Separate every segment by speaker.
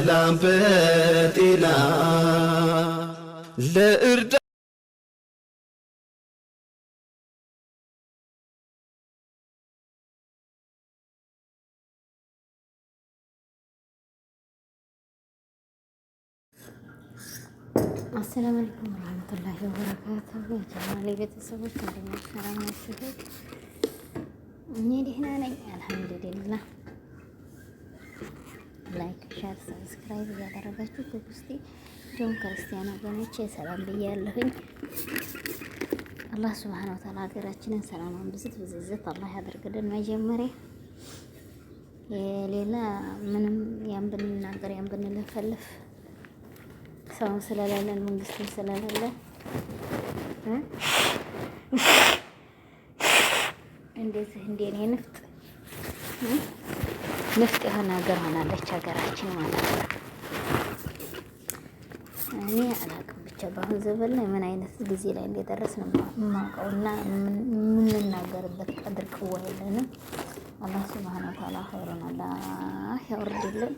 Speaker 1: በሰላም በጤና
Speaker 2: ለእርዳ አሰላሙ አለይኩም ወራህመቱላሂ ወበረካቱሁ። የጀማሌ ቤተሰቦች እንደምን ሰላም ናችሁ? እኔ ደህና ነኝ፣ አልሐምዱሊላህ ሸር፣ ሰብስክራይብ እያደረጋችሁ በውስጤ እንዲሁም ክርስቲያን ወገኖች ሰላም ብያለሁኝ። አላህ ስብሐነ ወተዓላ ሀገራችንን ሰላማን ብዝት ብዝዝት አላህ ያደርግልን። መጀመሪያ የሌላ ምንም ያን ብንናገር ያን ብንለፈልፍ ሰውን ስለሌለን መንግስትን ስለሌለን እንዴት እንዴ ነፍጥ ንፍጥ የሆነ ሀገር ሆናለች ሀገራችን ማለት ነው። እኔ አላውቅም ብቻ በአሁን ዘበን ላይ ምን አይነት ጊዜ ላይ ነው የማውቀው እና የምንናገርበት ቀድር ቅዋ የለንም። አላህ ስብሃነ ወተዓላ ኸይሩን አላህ ያወርድልን።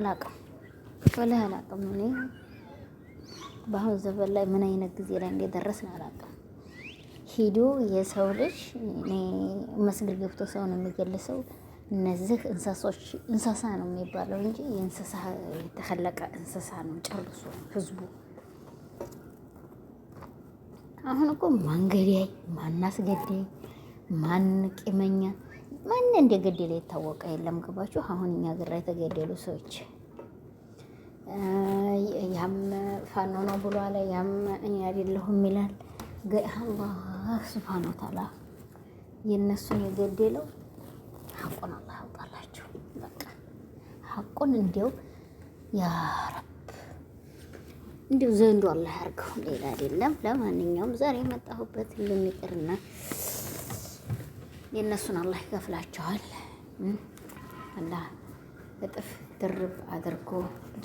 Speaker 2: አላውቅም ወላሂ አላውቅም። እኔ በአሁን ዘበን ላይ ምን አይነት ጊዜ ላይ እንደደረስን አላውቅም። ሂዶ የሰው ልጅ መስገድ ገብቶ ሰው ነው የሚገልሰው። እነዚህ እንስሶች እንስሳ ነው የሚባለው እንጂ የእንስሳ የተከለቀ እንስሳ ነው ጨርሶ ህዝቡ። አሁን እኮ ማን ገዳይ፣ ማን አስገዳይ፣ ማን ቂመኛ፣ ማን እንደገደለ የታወቀ የለም። ገባችሁ? አሁን እኛ ግራ የተገደሉ ሰዎች ያም ፋኖ ነው ብሏል፣ ያም እኔ አይደለሁም ይላል። አላህ አላህ ስብሃነ ወተዓላ የእነሱን የገደለው ሐቁን አላህ ያውጣላቸው። በቃ ሐቁን እንዲያው ያ ረብ እንዲያው ዘንዶ አላህ ያርገው፣ ሌላ አይደለም። ለማንኛውም ዛሬ የመጣሁበት ሁሉም የእነሱን አላህ ይከፍላቸዋል። አላህ እጥፍ ድርብ አድርጎ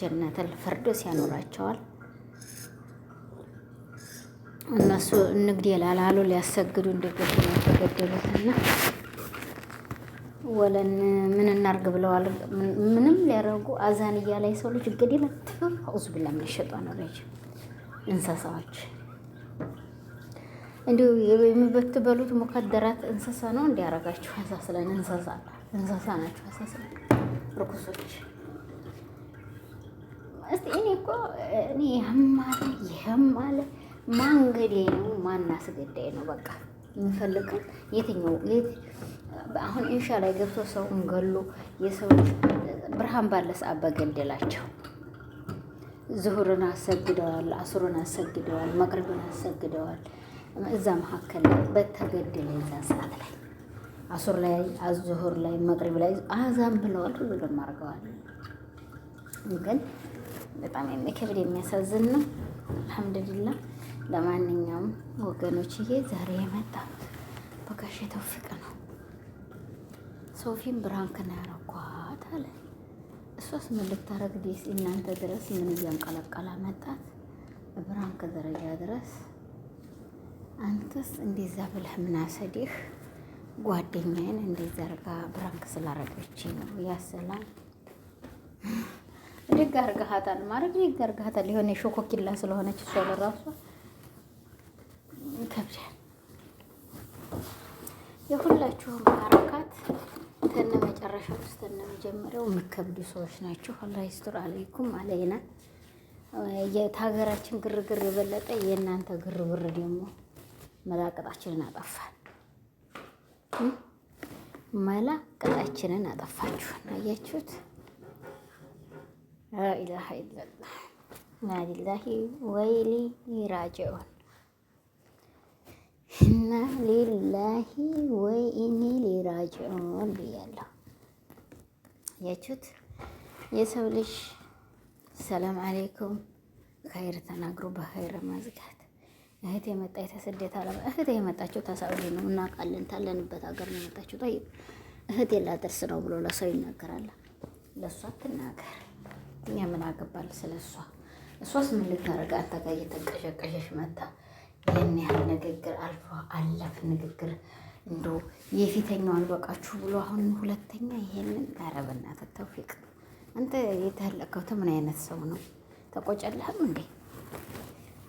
Speaker 2: ጀነተል ፈርዶስ ያኖራቸዋል። እነሱ እንግደል የላላሉ ሊያሰግዱ እንደገቡ ነው የተገደሉት። የተገደሉትና ወለን ምን እናርግ ብለዋል። ምንም ሊያደርጉ አዛን እያላይ ሰው ልጅ እገደል አትፍር አውዝ ብላ ምንሸጧ ነው ልጅ እንስሳዎች እንዲሁ የምትበሉት ሙከደራት እንስሳ ነው እንዲያረጋችሁ አሳስለን እንስሳ እንስሳ ናቸው አሳስለን ርኩሶች እስቲ እኔ እኮ እኔ ይህም አለ ይህም አለ ማንገዴ ነው ማናስገዳይ ነው። በቃ የምፈልግም የትኛው አሁን ኢንሻ ላይ ገብቶ ሰውም ገሎ የሰው ብርሃን ባለ ሰዓት በገደላቸው ዝሁርን አሰግደዋል፣ አስሩን አሰግደዋል፣ መቅረብን አሰግደዋል። እዛ መካከል ላይ በተገደለ የዛ ሰዓት ላይ አሱር ላይ ዙሁር ላይ መቅሪብ ላይ አዛም ብለዋል፣ ሁሉንም አድርገዋል። ግን በጣም የሚከብድ የሚያሳዝን ነው። አልሐምዱሊላህ ለማንኛውም ወገኖችዬ ዛሬ የመጣሁት በጋሽ ተውፊቅ ነው። ሶፊም ብራንክ ነው ያረኳት አለ። እሷስ ምን ልታረግ ቤስ እናንተ ድረስ ምን እያንቀለቀላ መጣት ብራንክ ደረጃ ድረስ። አንተስ እንደዛ ብለህ ምን ምናሰድህ ጓደኛዬን እንደዛ አርጋ ብራንክ ስላረገች ነው ያሰላል። ደግ አርጋሃታል ማድረግ ደግ አርጋሃታል የሆነ ሾኮኪላ ስለሆነች እሷ ለራሷ ይከብዳል። የሁላችሁም ሀረካት ከነ መጨረሻ ውስጥ እነ መጀመሪያው የሚከብዱ ሰዎች ናቸው። አላህ ይስጥር አለይኩም አለይና የታገራችን ግርግር የበለጠ የእናንተ ግርብር ደግሞ መላቀጣችንን አጠፋን። መላቀጣችንን ቅጣችንን አያችሁት? ላኢላሃ ኢላላህ ናሊላሂ ወይሊ ይራጀውን እና ሊላሂ ወይ ኢኒ ሊራጅዑን ብያለሁ። ያችሁት የሰው ልጅ ሰላም አሌይኩም ኸይር ተናግሮ በኸይር መዝጋት። እህት የመጣ የተስደት አለ እህት የመጣችው ተሳውዲ ነው እናውቃለን። ታለንበት ሀገር ነው የመጣችው። ጠይ እህት የላደርስ ነው ብሎ ለሰው ይናገራል። ለእሷ ትናገር፣ እኛ ምን አገባል ስለ እሷ። እሷስ ምን ልታደርግ? አንተ እየተንቀሸቀሸሽ መታ ይህን ያህል ንግግር አልፎ አለፍ ንግግር እንዶ የፊተኛው አልበቃችሁ ብሎ አሁን ሁለተኛ ይሄንን ያረበና ተተውፊቅ አንተ የተለቀው ምን አይነት ሰው ነው? ተቆጨለህም እንዴ?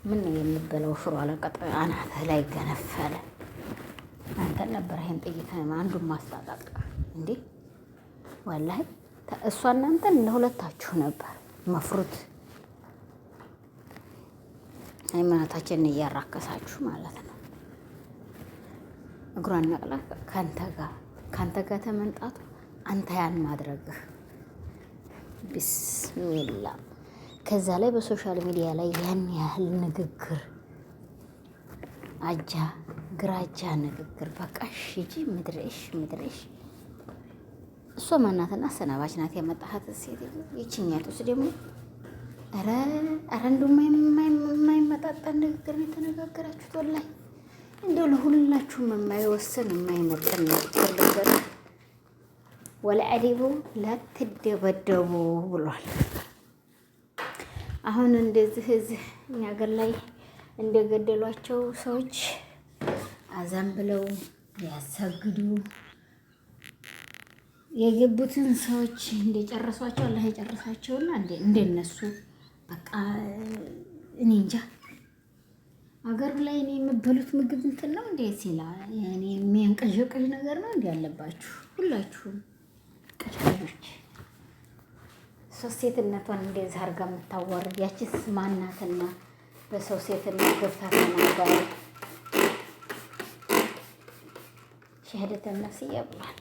Speaker 2: ምን ነው የሚበለው? ሽሮ አለቀጠ አናተ ላይ ገነፈለ። አንተን ነበር ይህን ጥይት አንዱን ማስታጣቅ እንዴ? ዋላህ እሷ እናንተን ለሁለታችሁ ነበር መፍሩት ሃይማኖታችንን እያራከሳችሁ ማለት ነው። እግሯን ነቅላ ከአንተ ጋር ከአንተ ጋር ተመንጣቱ አንተ ያን ማድረግህ ቢስሚላ። ከዛ ላይ በሶሻል ሚዲያ ላይ ያን ያህል ንግግር አጃ ግራጃ ንግግር በቃ ሽጂ ምድርሽ ምድርሽ እሷ ማናትና ሰናባች ናት። የመጣሀት ሴት ይችኛቱስ ደግሞ ኧረ ኧረ እንደው የማይመጣጠን ንግግር ነው የተነጋገራችሁት። ወላሂ እንደው ለሁላችሁም የማይወስን የማይመጠን ንግግር ነገር ወለአዲቡ ላትደበደቡ ብሏል። አሁን እንደዚህ እዚህ እኛ ላይ እንደገደሏቸው ሰዎች አዛን ብለው ያሰግዱ የገቡትን ሰዎች እንደጨረሷቸው አላህ የጨረሳቸውና እንደነሱ በቃ እኔ እንጃ አገሩ ላይ እኔ የምበሉት ምግብ እንትን ነው እንዴ ሲላ እኔ የሚያንቀዠቀዥ ነገር ነው እንዲ ያለባችሁ ሁላችሁም ቀዥቀዦች። ሶስት ሴትነቷን እንደዛ አርጋ የምታዋርድ ያችስ ማናትና በሰው ሴትነት ገብታ ተናባሪ ሸህደተ ነፍስ ብሏል።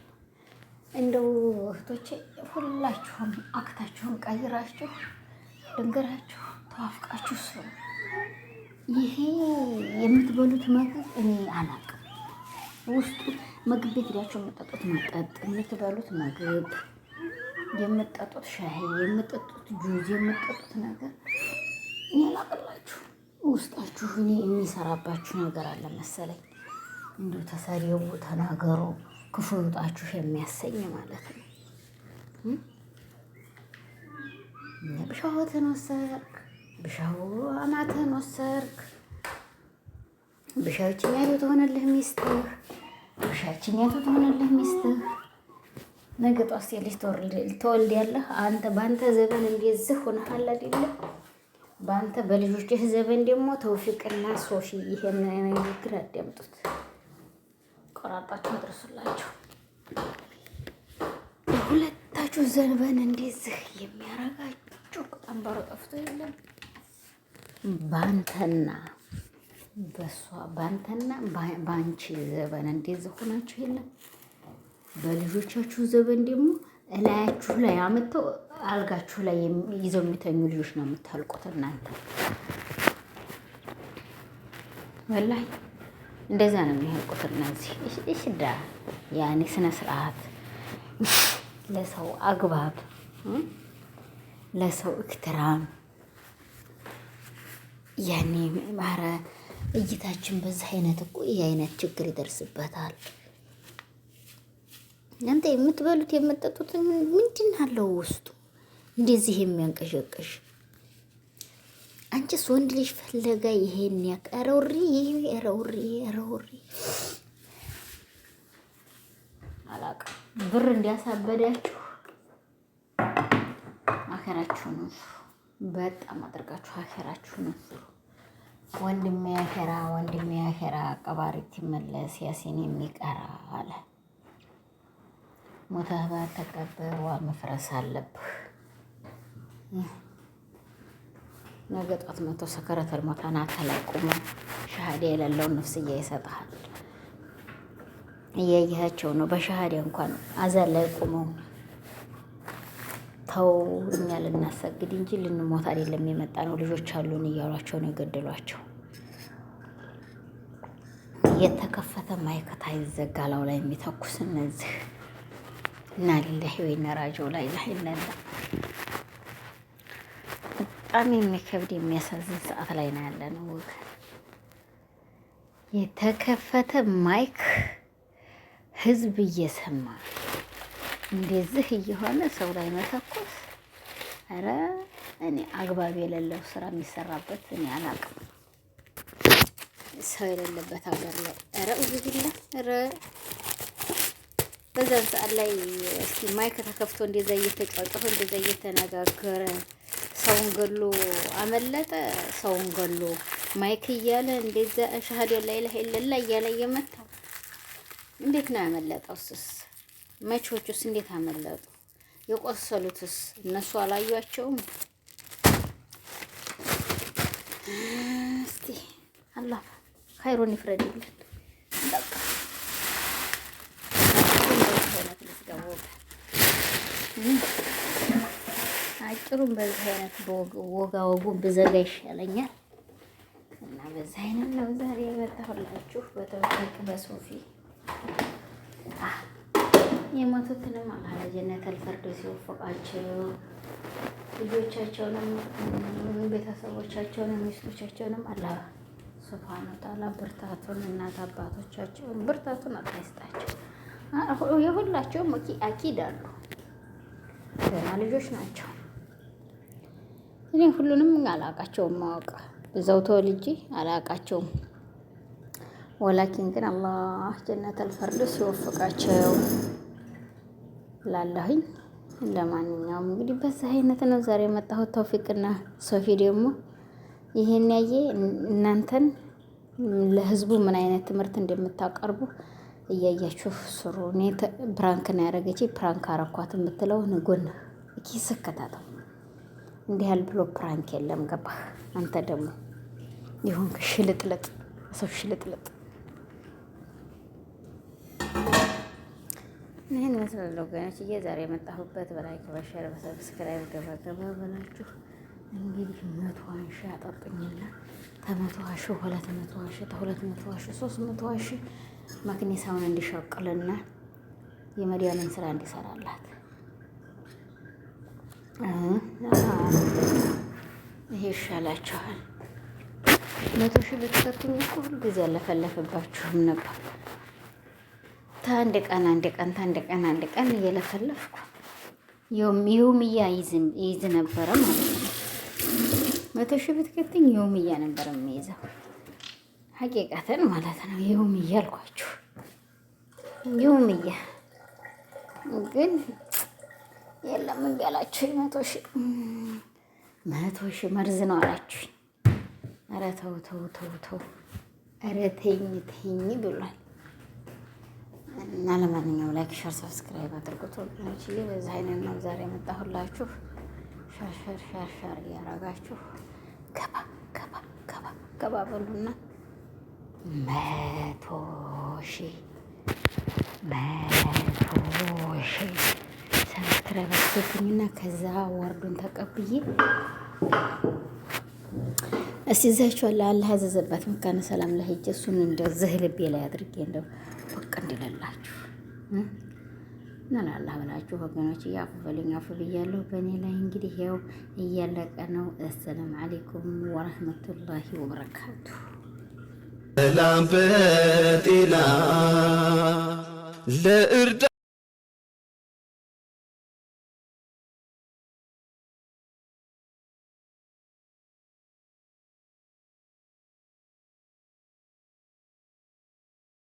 Speaker 2: እንደው እህቶቼ ሁላችሁም አክታችሁን ቀይራችሁ ልንገራችሁ፣ ተዋፍቃችሁ ስሩ። ይሄ የምትበሉት ምግብ እኔ አላውቅም። ውስጡ ምግብ ቤት ሄዳችሁ የምጠጡት መጠጥ፣ የምትበሉት ምግብ፣ የምጠጡት ሻይ፣ የምጠጡት ጁዝ፣ የምጠጡት ነገር እኔ ውስጣችሁ እኔ የሚሰራባችሁ ነገር አለ መሰለኝ። እንዲሁ ተሰሪው ተናገሩ ክፉ ይውጣችሁ የሚያሰኝ ማለት ነው። ብሻወትን ወሰርክ፣ ብሻው አማትህን ወሰርክ፣ ብሻችኛቱ ትሆንልህ ሚስትህ፣ ብሻችኛቱ ትሆንልህ ሚስትህ። ነገ ጧት ሴት ልጅ ትወልዳለህ። አንተ በአንተ ዘበን እንደዚህ ሆነሃል አይደለ? በአንተ በልጆችህ ዘመን ደግሞ ተውፊቅና ሶፊ ይሄን ንግግር አዳምጡት፣ ቆራጣችሁ አድርሱላቸው። ሁለታችሁ ዘንበን እንደዚህ የሚያረጋችሁ አንባሮ ጠፍቶ የለም ባንተና በሷ ባንተና ባንቺ ዘበን እንደዚህ ሆናችሁ የለም። በልጆቻችሁ ዘበን ደግሞ እላያችሁ ላይ አምጥተው አልጋችሁ ላይ ይዘው የሚተኙ ልጆች ነው የምታልቁት እናንተ። ወላሂ እንደዛ ነው የሚያልቁት እነዚህ። እሽዳ ያኔ ስነ ስርዓት ለሰው አግባብ ለሰው እክትራም ያኔ ማረ እይታችን በዚህ አይነት እኮ ይህ አይነት ችግር ይደርስበታል። እናንተ የምትበሉት የመጠጡት ምንድን አለው ውስጡ እንደዚህ የሚያንቀሸቀሽ? አንቺስ ወንድ ልጅ ፈለጋ ይሄን ያቀረውሪ ረውሪ ረውሪ ረውሪ ብር እንዲያሳበዳችሁ አኸራችሁን እንስሩ። በጣም አድርጋችሁ አኸራችሁን እንስሩ። ወንድሜ አኸራ ወንድሜ አኸራ ቀባሪት ይመለስ ያሲን የሚቀራ አለ ሞተህ ባትቀበር ዋ መፍረስ አለብህ። ነገ ጧት መቶ ሰከረተል ሞታና ተላቁሞ ሻሃዳ የሌለውን ነፍስያ ይሰጥሃል። እያየሃቸው ነው። በሻሃዳ እንኳን አዛን ላይ ቁመው ተው እኛ ልናሰግድ እንጂ ልንሞት አይደለም የመጣ ነው፣ ልጆች አሉን እያሏቸው ነው የገደሏቸው። የተከፈተ ማይከታ ይዘጋ ላው ላይ የሚተኩስ እነዚህ እና ሌላህ ወይ ነራጀው ላይ ላይ ነላ በጣም የሚከብድ የሚያሳዝን ሰዓት ላይ ነው ያለ ነው። የተከፈተ ማይክ ህዝብ እየሰማ እንደዚህ እየሆነ ሰው ላይ መተኮ ኧረ እኔ አግባብ የሌለው ስራ የሚሰራበት እኔ አላቅም። ሰው የሌለበት ሀገር ላይ ኧረ እዝብላ ኧረ በዛን ሰዓት ላይ እስኪ ማይክ ተከፍቶ እንደዛ እየተጫጫሁ እንደዛ እየተነጋገረ ሰውን ገሎ አመለጠ፣ ሰውን ገሎ ማይክ እያለ እንደዛ አሽሃዱ ላይ ላይ ለላ እያለ እየመታ እንዴት ነው ያመለጠው? ስስ መቼዎቹስ እንዴት አመለጡ? የቆሰሉትስ እነሱ አላዩአቸውም? እስቲ አላህ ካይሮን ይፍረድልን። አጭሩን በዚህ አይነት ወጋ ወጉን ብዘጋ ይሻለኛል እና በዚህ አይነት ነው ዛሬ የመጣሁላችሁ በተወቀቅ በሶፊ የሞቱትንም አላህ ለጀነት አልፈርዶ ሲወፈቃቸው ልጆቻቸውንም ቤተሰቦቻቸውንም ሚስቶቻቸውንም አላህ ስብሓን ወተዓላ ብርታቱን እናት አባቶቻቸውን ብርታቱን አላህ ይስጣቸው። የሁላቸውም አኪድ አሉ፣ ገና ልጆች ናቸው። እኔ ሁሉንም አላቃቸውም ማወቅ እዛው ተወልጄ አላቃቸውም። ወላኪን ግን አላህ ጀነት አልፈርዶ ሲወፈቃቸው ላለሁኝ ለማንኛውም እንግዲህ በዛ አይነት ነው ዛሬ የመጣሁት። ተውፊቅና ሶፊ ደግሞ ይሄን ያየ እናንተን ለህዝቡ ምን አይነት ትምህርት እንደምታቀርቡ እያያችሁ ስሩ። እኔ ፕራንክን ያደረገች ፕራንክ አረኳት የምትለው ንጎን ኪስ እንዲህ ያል ብሎ ፕራንክ የለም ገባህ? አንተ ደግሞ ይሁን ሽልጥልጥ ሰው ሽልጥልጥ ይህን ይመስላል ወገኖችዬ፣ ዛሬ የመጣሁበት በላይክ በሸር በሰብስክራይብ ገባገባ በላችሁ። እንግዲህ መቶ አንሺ አጠጡኝና ተመቶ አሺ ሁለት መቶ አሺ ተሁለት መቶ አሺ ሶስት መቶ አሺ ማግኔሳውን እንዲሸቅልና የመዲያምን ስራ እንዲሰራላት ይሄ ይሻላችኋል። መቶ ሺ ብትሰጡኝ ሁልጊዜ አለፈለፈባችሁም ነበር። ታንድ ቀን አንድ ቀን ታንድ ቀን አንድ ቀን እየለፈለፍኩ ይዝ ነበረ ማለት ነው። መቶ ሺህ ብትከትኝ ነበረ የሚይዘው ማለት ነው። አልኳችሁ፣ ግን የለም እምቢ መቶ ሺህ መቶ ሺህ መርዝ ነው አላችሁኝ። ኧረ ተው ተው ተው ተው፣ ኧረ ተኝ ተኝ ብሏል። እና ለማንኛውም ላይክ፣ ሸር፣ ሰብስክራይብ አድርጉት ወገኖች። ይህ በዚህ አይነት ነው ዛሬ የመጣሁላችሁ። ሸርሸር ሸርሸር እያረጋችሁ ገባ ገባ ገባ ገባ በሉና መቶ ሺ መቶ ሺ ሰብስክራይብ አስገብኝና ከዛ ወርዱን ተቀብዬ እስቲ እዛችኋለሁ። አላህ ያዘዘባት መካነ ሰላም ላይ ለህጀ እሱን እንደዚህ ልቤ ላይ አድርጌ እንደው ፍቅ እንዲለላችሁ እንላላ ብላችሁ ወገኖች እያፉ በሉኝ። አፉ ብያለሁ። በእኔ ላይ እንግዲህ ያው እያለቀ ነው። አሰላም አሌይኩም ወረህመቱላሂ ወበረካቱ። ሰላም በጤና ለእርዳ